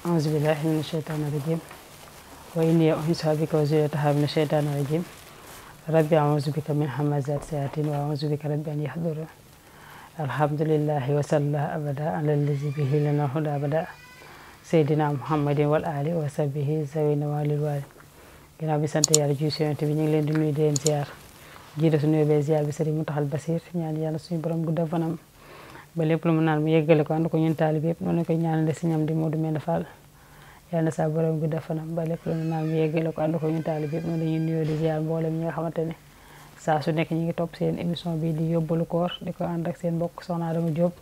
أعوذ بالله من الشيطان الرجيم وإني أنسى بك وزيتها من الشيطان الرجيم ربي أعوذ بك من حمزات سياتين وأعوذ بك ربي أن يحضر الحمد لله وصلى الله أبدا على الذي به لنا هدى أبدا سيدنا محمد والآل وصحبه زوين والي الوالي كنا sant yàlla jiw si yonent bi ñu ngi leen di nuyu di leen ziar jiite suñu yóbbee ziar bi sëriñ mu taxal ba lépp lu mu naan mu yeggale ko ànd ko ñun taalibe yëpp noonu koy ñaanale si ñam di Modou Mbène Fall yal na saa borom bi defanam ba lépp lu mu naan mu yeggale ko ànd ko ñun taalibe yëpp noonu dañuy nuyoo di ñi nga xamante ne saa su nekk ñu ngi topp seen émission bi di yóbbalu koor di ko ànd ak seen mbokk Soxna Adama Diop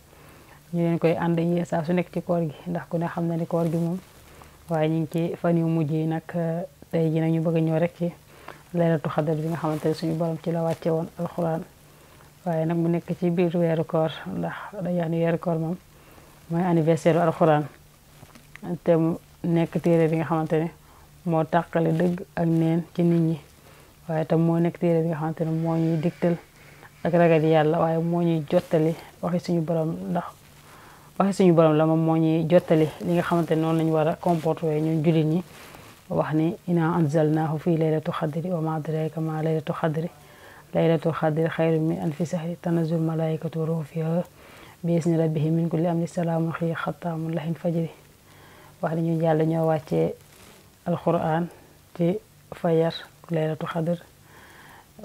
ñu koy ànd yéen saa su nekk ci koor gi ndax ku ne xam na ni koor gi moom waaye ñu ngi ci fan yu mujj yi nag euh, tey ji ñu bëgg a ñëw rek ci laylatu xadar bi nga xamante ne suñu borom ci la wàcce woon alxuraan waaye nag mu nekk ci biir weeru koor ndax dañuy wax ni weeru koor moom mooy anniversaire u téere bi nga xamante ne moo tàqale dëgg ak neen ci nit ñi waaye tam moo nekk téere bi nga xamante ne moo ñuy digtal ak ragal yàlla waaye moo ñuy jottali waxi suñu borom ndax waxi suñu borom la moom moo ñuy jottali li nga xamante ne noonu lañu war a comporté ñun jullit ñi wax ni ina anzalnaahu fii laylatu xadri wa ma adraka ma laylatu xadri ليلة الخدر خير من ألف سحر تنزل ملائكة روح فيها بإذن ربه من كل أمر السلام وخير خطا من لحن فجر وحن يجعل نواتي القرآن تي فجر ليلة الخدر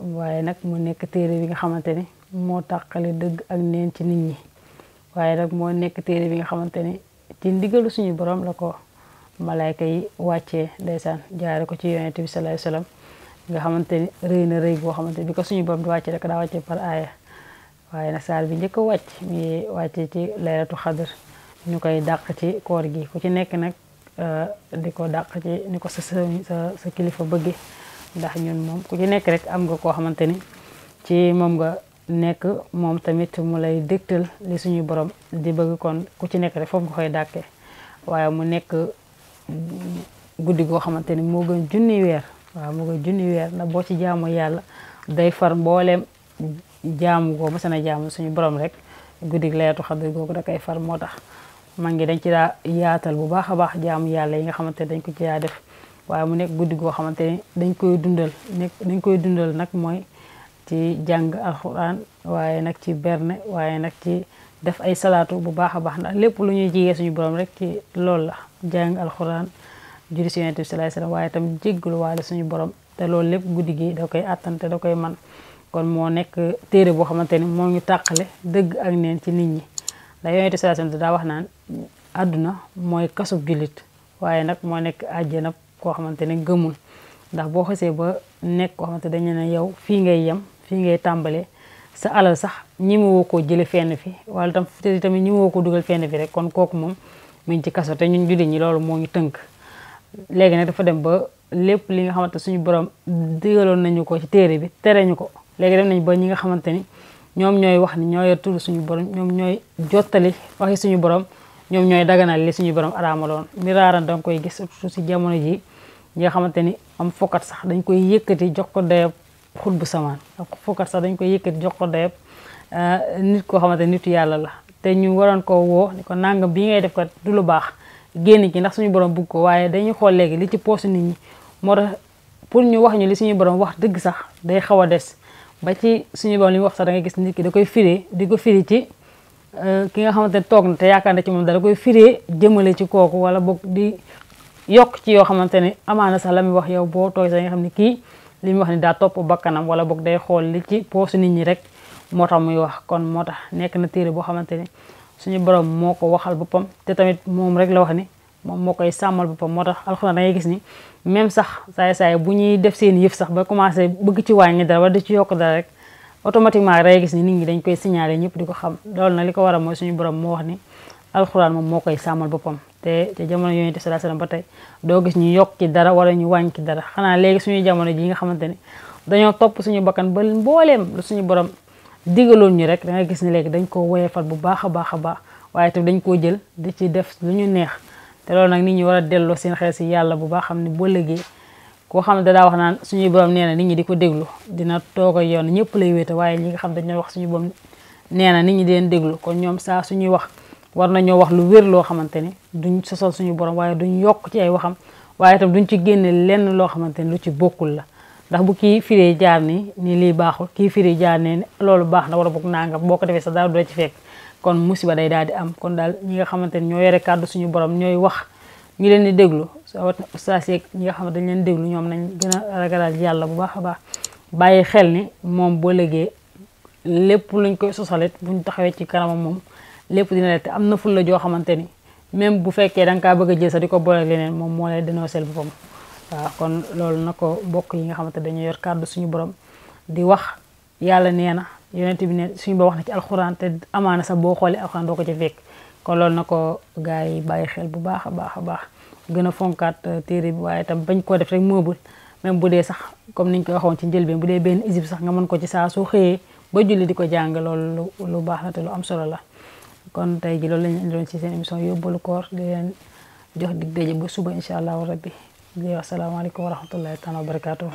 وينك من كتير بيغا خمانتني مو تاقلي دق أغنين تنيني وينك من كتير بيغا خمانتني تندقلو سنو برام لكو ملائكة يواتي ديسان جاركو تيواني تبي صلى الله عليه وسلم nga xamante ni rëy na rëy goo xamante ni bi ko suñu borom di wàcce rek daa wàcce par aaya waaye nag bi njëkk a wàcc mi wàcce ci laylatu xadr ñu koy dàq ci gi ku ci nekk nag eh, di ko dàq ni ko sa sa kilifa bëgge ndax ñun moom ku ci nekk rek am nga koo xamante ni ci moom nga nekk moom tamit mu lay dégtal li suñu borom di bëgg kon ku ci nekk rek foofu nga koy dàqee waaye mu nekk guddi goo xamante ni moo gën junni weer waaw mu ko junni weer na boo ci jaamu yàlla day far mbooleem jaamu ma mësana jaamu suñu borom rek guddig layatu xadar googu da koy far moo tax ma ngi dañ ci daa yaatal bu baax a baax jaamu yàlla yi nga xamante dañ ko ci daa def waaye mu nekk guddi goo xamante ne dañ koy dundal nekk dañ koy dundal nag mooy ci jàng alxuraan waaye nag ci berne waaye nag ci def ay salaatu bu baax a baax ndax lépp lu ñuy jigee suñu borom rek ci loolu la jàng alxuraan julli si yonent bi salaay waaye tam jéggul waale suñu borom te loolu lépp guddi gi da koy àttan te da koy man kon moo nekk téere boo xamante ni moo ñu tàqale dëgg ak neen ci nit ñi da yonent bi daa wax naan àdduna mooy kasub jullit waaye nag moo nekk àjjana koo xamante ne gëmul ndax boo xasee ba nekk koo xamante dañu ne yow fii ngay yem fii ngay tàmbalee sa alal sax ñi ma woo koo jële fenn fi wala tam tamit ñi ma ko dugal fenn fi rek kon kooku moom mu ngi ci kaso te ñun jullit ñi loolu moo ngi tënk léegi nag dafa dem ba lépp li nga xamante suñu borom digaloon nañu ko ci téere bi tere ñu ko léegi dem nañ ba ñi nga xamante ni ñoom ñooy wax ni ñoo yor suñu borom ñoom ñooy jottali waxi suñu borom ñoom ñooy daganal li suñu borom mi miraaran danga koy gis surtout si jamono ji ñi nga xamante ni am fokkat sax dañ koy yëkkati jox ko dayab xut bu samaan ak fokkat sax dañ koy yëkkati jox ko dayab euh, nit koo xamante nit yàlla la te ñu waroon ko woo ni ko nangam bi ngay def kat du lu baax génn ci ndax suñu borom bugg ko waaye dañuy xool léegi li ci poosu nit ñi moo tax pour ñu wax ñu li suñu borom wax dëgg sax day xaw a des ba ci suñu borom li mu wax sax da gis nit ki da koy firee di ko firi ci euh, ki nga xamante toog na te yaakaar na ci moom dala koy firee jëmale ci kooku wala boog di yokk ci yoo xamante ne amaana sax la muy wax yow boo toog sax nga xam ne kii li muy wax ni daa topp bakkanam wala boog day xool li ci poosu nit ñi rek moo tax muy wax kon moo tax nekk na téere boo xamante ne suñu borom moko waxal bopam te tamit mom rek la wax ni mom mokay samal bopam motax moo tax da ngay gis ni même sax say say buñuy def seen yef sax ba commencé bëgg ci wañi dara wala di ci yok dara rek automatiquement ray gis ni nit ñi dañ koy signaler ñep di ko xam lool na liko wara moy suñu borom mo wax ni alxuraan mom mokay samal bopam té te te jamono yooyu te salaa salaam ba tey gis ñu yok ci dara wala ñu wañ ci dara xana légui suñu jamono ji nga xamanteni ni dañoo topp suñu bakkan ba mbooleem lu suñu borom digaloon ñu rek da gis ne léegi dañ koo woyee woyefal bu baax a baax a baax waaye itam dañ koo jël di ci def lu ñu neex te loolu nag nit ñi war a delloo seen xel si yàlla bu baax xam ne boo lëgee koo xam ne dadaa wax naan suñuy borom nee na nit ñi di ko déglu dina toog ak yoon ñëpp lay wéete waaye ñi nga xam dañ wax suñu borom nee na nit ñi di leen déglu kon ñoom saa suñuy wax war ñoo wax lu wér loo xamante ni duñ sosal suñu borom waaye duñ yokk ci ay waxam waaye itam duñ ci génne lenn loo xamante ni lu ci bokkul la ndax bu kii firee jaar ni ni lii baaxul kii firee jaar ne loolu baax na war a bokk nangam boo ko defee sax dara du la ci fekk kon musiba day daal di am kon daal ñi nga xamante ne ñoo yore kàddu suñu borom ñooy wax ñu leen di déglu sawat ustaas yeeg ñi nga xamante dañ leen déglu ñoom nañ gën a ragalal bu baax a bàyyi xel ni moom boo légee lépp luñ koy sosalit buñ taxawee ci kanamam moom lépp dina leen am na ful la joo xamante ni même bu fekkee da nga kaa bëgg a jël sax di ko boole leneen moom moo lay dénoncé boppam kon loolu nako ko bokk yi nga xamante dañu yor kàddu suñu borom di wax yalla neena na yonent bi ne suñu ba wax na ci alxuraan te amana sa bo xoolee alxuraan doko ci fek kon loolu nako gaay yi xel bu baakha baakha baax gëna fonkat euh, téré bi waye tam bañ ko def rek moobul même bu dee sax comme niñ ko waxon ci njëlbeen bu dee ben isib sax nga mën ko ci sa su xëyee ba julli diko jang jàng lu baax la te lu am solo la kon tay ji loolu lañu doon ci seen émission yobul koor di len jox dig daje ba suba inshallah rabbi di wax salaamaaleykum wa rahmatullahi taala wa barakaatu